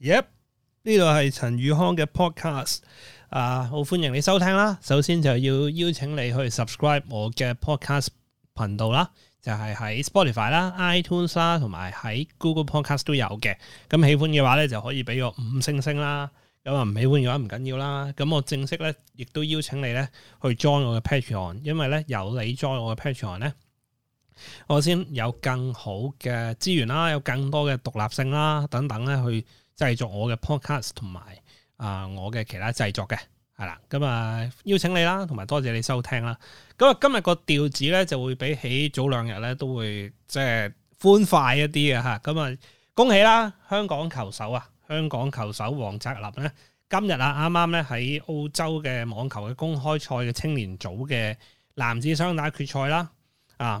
Yep，呢度係陳宇康嘅 podcast，啊，好歡迎你收聽啦。首先就要邀請你去 subscribe 我嘅 podcast 頻道啦，就係、是、喺 Spotify 啦、iTunes 啦，同埋喺 Google Podcast 都有嘅。咁喜歡嘅話咧，就可以俾個五星星啦。咁啊，唔喜歡嘅話唔緊要，要啦。咁我正式咧，亦都邀請你咧去 join 我嘅 p a t r on，因為咧有你 join 我嘅 p a t r on 咧，我先有更好嘅資源啦，有更多嘅獨立性啦，等等咧去。製作我嘅 podcast 同埋啊、呃，我嘅其他製作嘅係啦，咁啊、嗯、邀請你啦，同埋多謝你收聽啦。咁、嗯、啊今日個調子咧就會比起早兩日咧都會即係歡快一啲嘅吓，咁、嗯、啊恭喜啦！香港球手啊，香港球手王澤立咧今日啊啱啱咧喺澳洲嘅網球嘅公開賽嘅青年組嘅男子雙打決賽啦，啊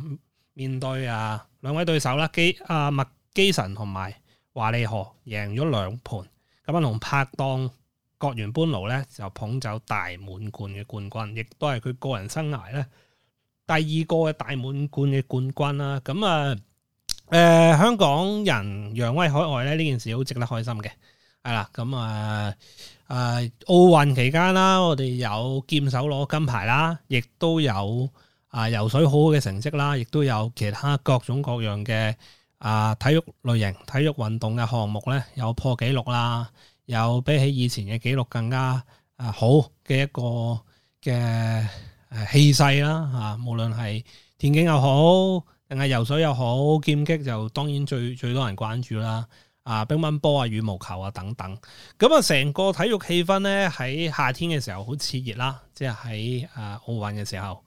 面對啊兩位對手啦、啊、基阿、啊、麥基神同埋。華利河贏咗兩盤，咁啊同拍檔郭元搬勞咧就捧走大滿貫嘅冠軍，亦都係佢個人生涯咧第二個嘅大滿貫嘅冠軍啦、啊。咁啊誒，香港人揚威海外咧呢件事好值得開心嘅，係、嗯、啦。咁啊誒，奧運期間啦，我哋有劍手攞金牌啦，亦都有啊游水好嘅成績啦，亦都有其他各種各樣嘅。啊！體育類型、體育運動嘅項目咧，有破紀錄啦，有比起以前嘅紀錄更加啊好嘅一個嘅、啊、氣勢啦嚇。無論係田徑又好，定係游水又好，劍擊就當然最最多人關注啦。啊！乒乓波啊、羽毛球啊等等，咁啊成個體育氣氛咧，喺夏天嘅時候好熾熱啦，即係喺啊奧運嘅時候。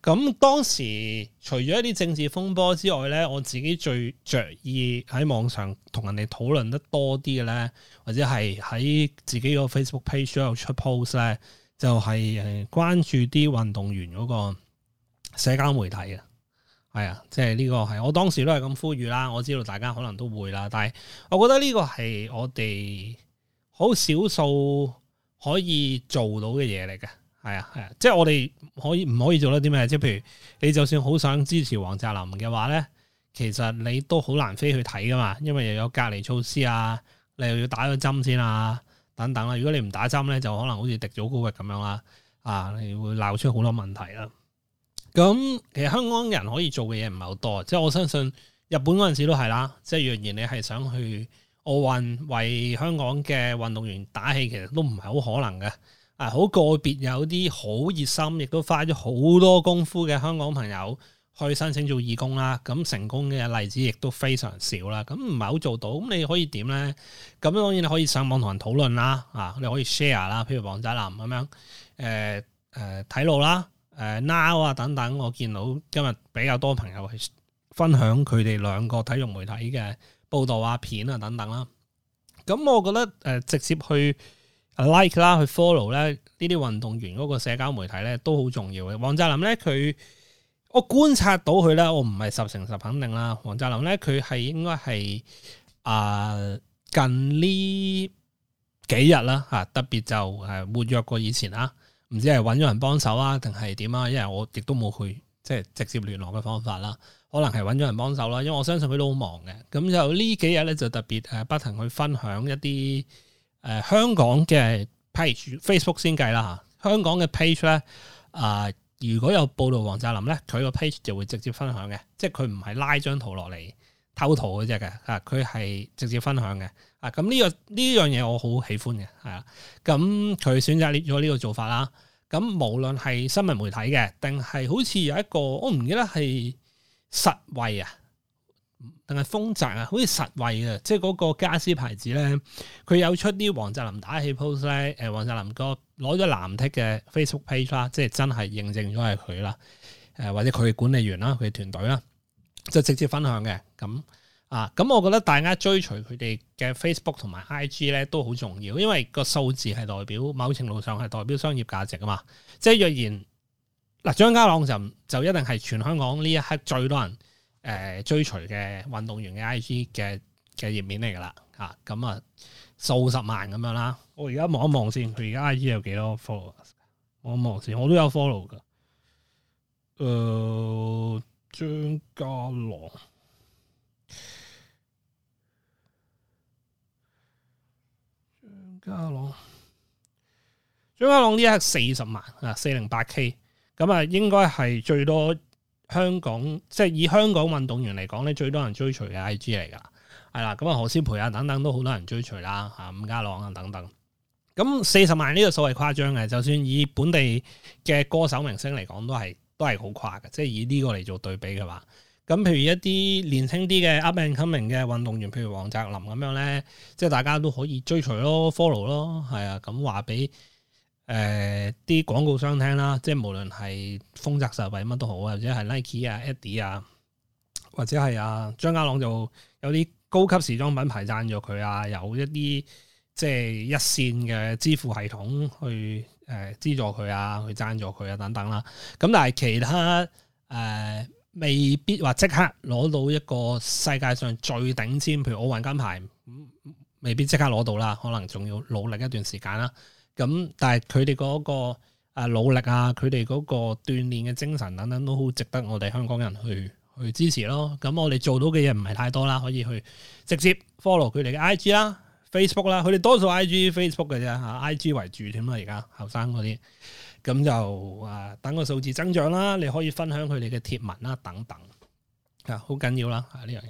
咁當時除咗一啲政治風波之外咧，我自己最着意喺網上同人哋討論得多啲嘅咧，或者係喺自己個 Facebook page 度出 post 咧，就係、呃、關注啲運動員嗰個社交媒體啊，係啊，即係呢個係我當時都係咁呼籲啦。我知道大家可能都會啦，但係我覺得呢個係我哋好少數可以做到嘅嘢嚟嘅。係啊，係啊，即係我哋可以唔可以做得啲咩？即係譬如你就算好想支持黃澤林嘅話咧，其實你都好難飛去睇噶嘛，因為又有隔離措施啊，你又要打個針先啊，等等啦、啊。如果你唔打針咧，就可能好似迪祖高域咁樣啦、啊，啊，你會鬧出好多問題啦、啊。咁、嗯、其實香港人可以做嘅嘢唔係好多，即係我相信日本嗰陣時都係啦，即係若然你係想去奧運為香港嘅運動員打氣，其實都唔係好可能嘅。啊！好個別有啲好熱心，亦都花咗好多功夫嘅香港朋友去申請做義工啦。咁、啊、成功嘅例子亦都非常少啦。咁唔係好做到，咁、啊、你可以點咧？咁當然你可以上網同人討論啦。啊，你可以 share 啦，譬、啊、如王宅林咁樣。誒、呃、誒，睇、呃、路啦。誒、呃、now 啊等等，我見到今日比較多朋友係分享佢哋兩個體育媒體嘅報導啊片啊等等啦。咁、啊啊啊、我覺得誒、啊、直接去。like 啦，去 follow 咧，呢啲運動員嗰個社交媒體咧，都好重要嘅。黃澤林咧，佢我觀察到佢咧，我唔係十成十肯定啦。黃澤林咧，佢係應該係、呃、啊近呢幾日啦，吓特別就係活躍過以前啦，唔、啊、知係揾咗人幫手啊，定係點啊？因為我亦都冇去即係直接聯絡嘅方法啦，可能係揾咗人幫手啦。因為我相信佢都好忙嘅，咁就呢幾日咧就特別誒不停去分享一啲。誒香港嘅 page，Facebook 先計啦嚇。香港嘅 page 咧，啊、呃、如果有報導王澤林咧，佢個 page 就會直接分享嘅，即係佢唔係拉張圖落嚟偷圖嗰隻嘅，啊佢係直接分享嘅。啊咁呢個呢樣嘢我好喜歡嘅，係、啊、啦。咁、嗯、佢選擇列咗呢個做法啦。咁、啊、無論係新聞媒體嘅，定係好似有一個我唔記得係實惠啊。定係豐澤啊，好似實惠啊，即係嗰個家私牌子咧，佢有出啲王澤林打氣 post 咧，誒，王澤林哥攞咗藍剔嘅 Facebook page 啦，即係真係認證咗係佢啦，誒，或者佢嘅管理員啦，佢嘅團隊啦，即係直接分享嘅，咁、嗯、啊，咁、嗯、我覺得大家追隨佢哋嘅 Facebook 同埋 IG 咧都好重要，因為個數字係代表，某程度上係代表商業價值啊嘛，即係若然嗱，張、啊、家朗就就一定係全香港呢一刻最多人。誒，追隨嘅運動員嘅 I G 嘅嘅頁面嚟噶啦，吓咁啊，數十萬咁樣啦。我而家望一望先，佢而家 I G 有幾多 followers？e r 我望一望先，我都有 follow 噶。誒、呃，張家朗，張家朗，張家朗，呢一刻四十萬啊，四零八 K。咁啊，應該係最多。香港即係以香港運動員嚟講咧，最多人追隨嘅 I G 嚟噶，係啦。咁啊，何詩蓓啊等等都好多人追隨啦，嚇伍家朗啊等等。咁四十萬呢個所謂誇張嘅，就算以本地嘅歌手明星嚟講，都係都係好誇嘅。即係以呢個嚟做對比嘅話，咁譬如一啲年輕啲嘅 Up and Coming 嘅運動員，譬如黃澤林咁樣咧，即係大家都可以追隨咯，follow 咯，係啊。咁話俾。誒啲、呃、廣告商聽啦，即係無論係豐澤實惠乜都好，或者係 Nike 啊、Adidas 啊，或者係啊張家朗就有啲高級時裝品牌贊助佢啊，有一啲即係一線嘅支付系統去誒、呃、資助佢啊，去贊助佢啊等等啦。咁但係其他誒、呃、未必話即刻攞到一個世界上最頂尖，譬如奧運金牌，未必即刻攞到啦，可能仲要努力一段時間啦。咁，但係佢哋嗰個誒努力啊，佢哋嗰個鍛煉嘅精神等等，都好值得我哋香港人去去支持咯。咁我哋做到嘅嘢唔係太多啦，可以去直接 follow 佢哋嘅 IG 啦、Facebook 啦，佢哋多數 IG Facebook、Facebook 嘅啫，吓 IG 為主添啦。而家後生嗰啲，咁就誒、啊、等個數字增長啦，你可以分享佢哋嘅貼文啦，等等啊，好緊要啦吓呢樣嘢。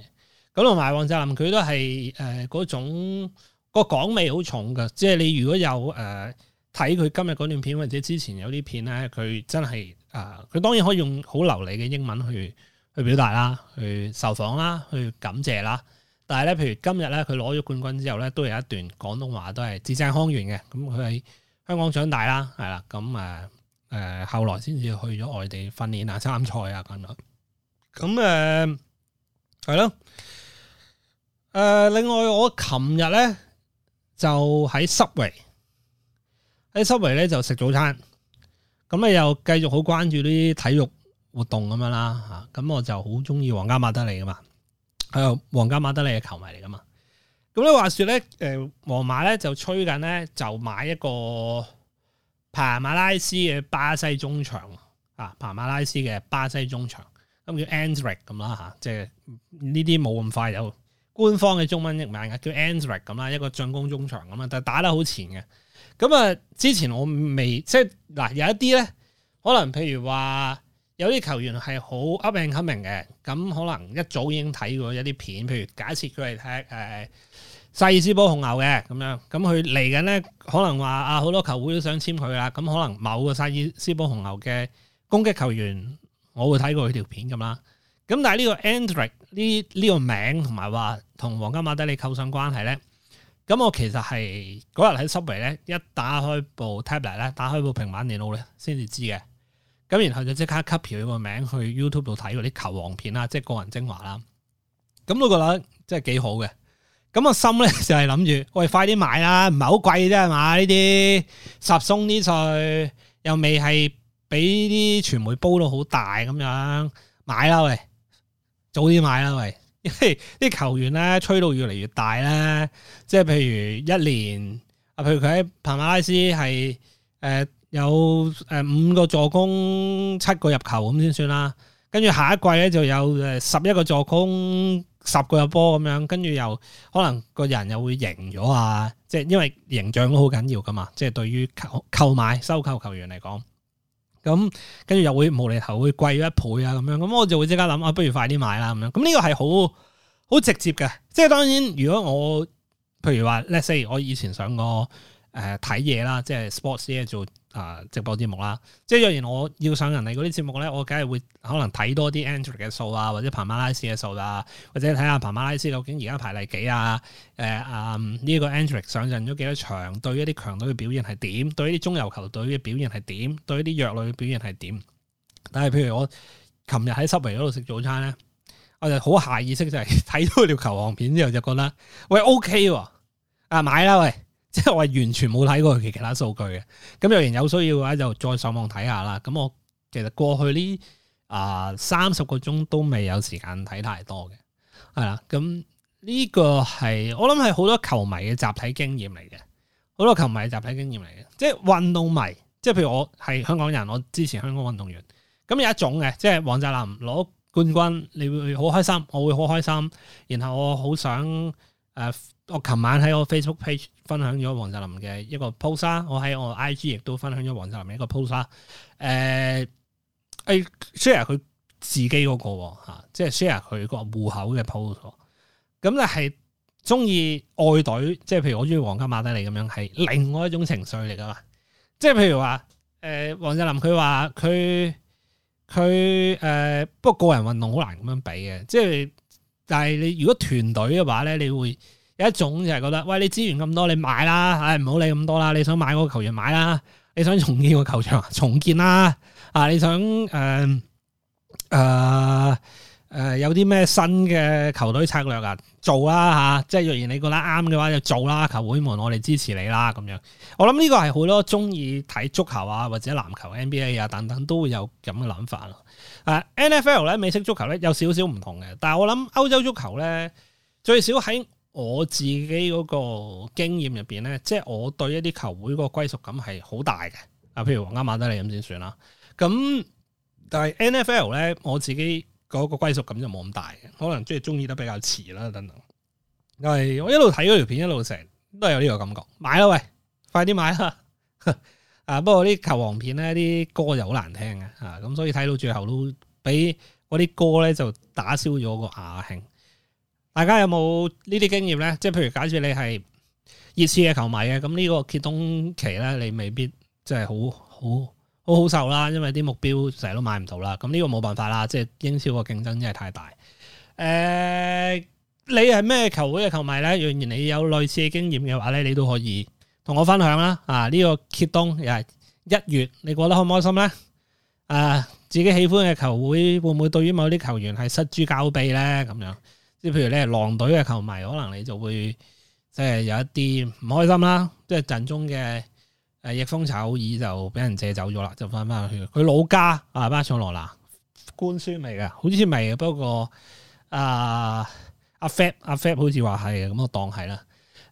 咁同埋黃澤林佢都係誒嗰種。個港味好重噶，即係你如果有誒睇佢今日嗰段片或者之前有啲片咧，佢真係誒佢當然可以用好流利嘅英文去去表達啦，去受訪啦，去感謝啦。但係咧，譬如今日咧，佢攞咗冠軍之後咧，都有一段廣東話都係字正腔圓嘅。咁佢喺香港長大啦，係啦，咁誒誒，後來先至去咗外地訓練啊、參賽啊咁樣。咁誒係咯。誒、呃呃，另外我琴日咧。就喺 Subway，喺 Subway 咧就食早餐，咁咧又繼續好關注呢啲體育活動咁樣啦吓，咁我就好中意皇家馬德里噶嘛，誒、啊、皇家馬德里嘅球迷嚟噶嘛，咁咧話說咧，誒、呃、皇馬咧就吹緊咧就買一個帕馬拉斯嘅巴西中場啊，帕馬拉斯嘅巴西中場，咁、啊、叫 Endrick 咁啦吓，即係呢啲冇咁快有。官方嘅中文譯名嘅叫 Andrew 咁啦，一個進攻中場咁啊，但係打得好前嘅。咁啊，之前我未即係嗱，有一啲咧，可能譬如話有啲球員係好 open 心明嘅，咁可能一早已經睇過一啲片，譬如假設佢係踢誒塞爾斯堡紅牛嘅咁樣，咁佢嚟緊咧，可能話啊好多球會都想簽佢啦，咁可能某個塞爾斯堡紅牛嘅攻擊球員，我會睇過佢條片咁啦。咁但係呢個 Andrei 呢，呢個名同埋話同黃金馬德里扣上關係咧，咁我其實係嗰日喺 Subway 咧，y, 一打開部 tablet 咧，打開部平板電腦咧，先至知嘅。咁然後就即刻 copy 佢個名去 YouTube 度睇嗰啲球王片啦，即係個人精華啦。咁都覺得真係幾好嘅。咁個心咧就係諗住，喂，快啲買啦，唔係好貴啫，係嘛？呢啲十鬆啲菜又未係俾啲傳媒煲到好大咁樣，買啦喂！早啲買啦，喂！因為啲球員咧吹到越嚟越大咧，即係譬如一年啊，譬如佢喺帕馬拉斯係誒、呃、有誒五個助攻、七個入球咁先算啦。跟住下一季咧就有誒十一個助攻、十個入波咁樣，跟住又可能個人又會贏咗啊！即係因為形象都好緊要㗎嘛，即係對於購購買、收購球員嚟講。咁跟住又會無釐頭會貴咗一倍啊咁樣，咁我就會即刻諗啊，不如快啲買啦咁樣。咁呢個係好好直接嘅，即係當然如果我譬如話，Let's say 我以前上過。誒，睇嘢，呃、啦，即係 sports 啲做誒、呃、直播節目啦。即係若然我要上人哋嗰啲節目咧，我梗係會可能睇多啲 Android 嘅數啊，或者彭馬拉松嘅數啊，或者睇下彭馬拉松究竟而家排第幾啊？誒、呃，啊、嗯、呢、這個 Android 上陣咗幾多場？對於一啲強隊嘅表現係點？對於一啲中游球隊嘅表現係點？對於一啲弱隊嘅表現係點？但係譬如我琴日喺 Seven 嗰度食早餐咧，我就好下意識就係睇到條球王片之後就覺得喂 OK 喎，哦，啊買啦喂！喂喂即係我係完全冇睇過佢其他數據嘅，咁若然有需要嘅話，就再上網睇下啦。咁我其實過去呢啊三十個鐘都未有時間睇太多嘅，係啦。咁呢個係我諗係好多球迷嘅集體經驗嚟嘅，好多球迷集體經驗嚟嘅，即係運動迷。即係譬如我係香港人，我支持香港運動員。咁有一種嘅，即係黃澤林攞冠軍，你會好開心，我會好開心，然後我好想。誒、啊，我琴晚喺我 Facebook page 分享咗黃澤林嘅一個 post 我喺我 IG 亦都分享咗黃澤林嘅一個 post、呃那個、啊。誒，係 share 佢自己嗰個吓，即係 share 佢個戶口嘅 post。咁就係中意外隊，即係譬如我中意皇家馬德里咁樣，係另外一種情緒嚟噶。即係譬如話，誒、呃，黃澤林佢話佢佢誒，不過個人運動好難咁樣比嘅，即係。但係你如果團隊嘅話咧，你會有一種就係覺得，喂，你資源咁多，你買啦，唉，唔好理咁多啦，你想買個球員買啦，你想重建個球場重建啦，啊，你想誒誒。呃呃誒、呃，有啲咩新嘅球隊策略啊？做啦吓，即係若然你覺得啱嘅話，就做啦。球會們，我哋支持你啦，咁樣。我諗呢個係好多中意睇足球啊，或者籃球 NBA 啊等等，都會有咁嘅諗法咯。誒、啊，NFL 咧美式足球咧有少少唔同嘅，但係我諗歐洲足球咧，最少喺我自己嗰個經驗入邊咧，即係我對一啲球會個歸屬感係好大嘅。啊，譬如皇家馬德里咁先算啦。咁但係 NFL 咧，我自己。個個歸屬感就冇咁大，可能即係中意得比較遲啦等等。係我一路睇嗰條片，一路成日都係有呢個感覺，買啦喂，快啲買啦！ 啊，不過啲球王片咧，啲歌又好難聽啊，咁所以睇到最後都俾嗰啲歌咧就打消咗個雅興。大家有冇呢啲經驗咧？即係譬如假設你係熱刺嘅球迷啊，咁呢個揭東期咧，你未必即係好好。好好受啦，因為啲目標成日都買唔到啦，咁呢個冇辦法啦，即係英超個競爭真係太大。誒，你係咩球會嘅球迷咧？若然你有類似嘅經驗嘅話咧，你都可以同我分享啦。啊，呢個揭東又係一月，你過得開唔開心咧？啊，自己喜歡嘅球會會唔會對於某啲球員係失諸交臂咧？咁樣，即係譬如你係，狼隊嘅球迷可能你就會即係有一啲唔開心啦，即係陣中嘅。翼鋒炒耳就俾人借走咗啦，就翻翻去佢老家啊，巴塞羅那官宣嚟嘅，好似未，不過、啊啊、阿阿 Fat 阿 Fat 好似話係嘅，咁我當係啦。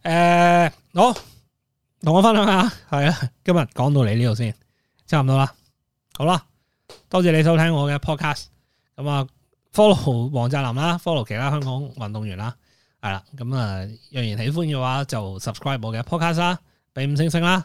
誒、欸，好同我分享下，係啊，今日講到你呢度先，差唔多啦。好啦，多謝你收聽我嘅 podcast，咁、嗯、啊 follow 王澤林啦，follow 其他香港運動員啦，係啦，咁啊若然喜歡嘅話就 subscribe 我嘅 podcast 啦，俾五星星啦。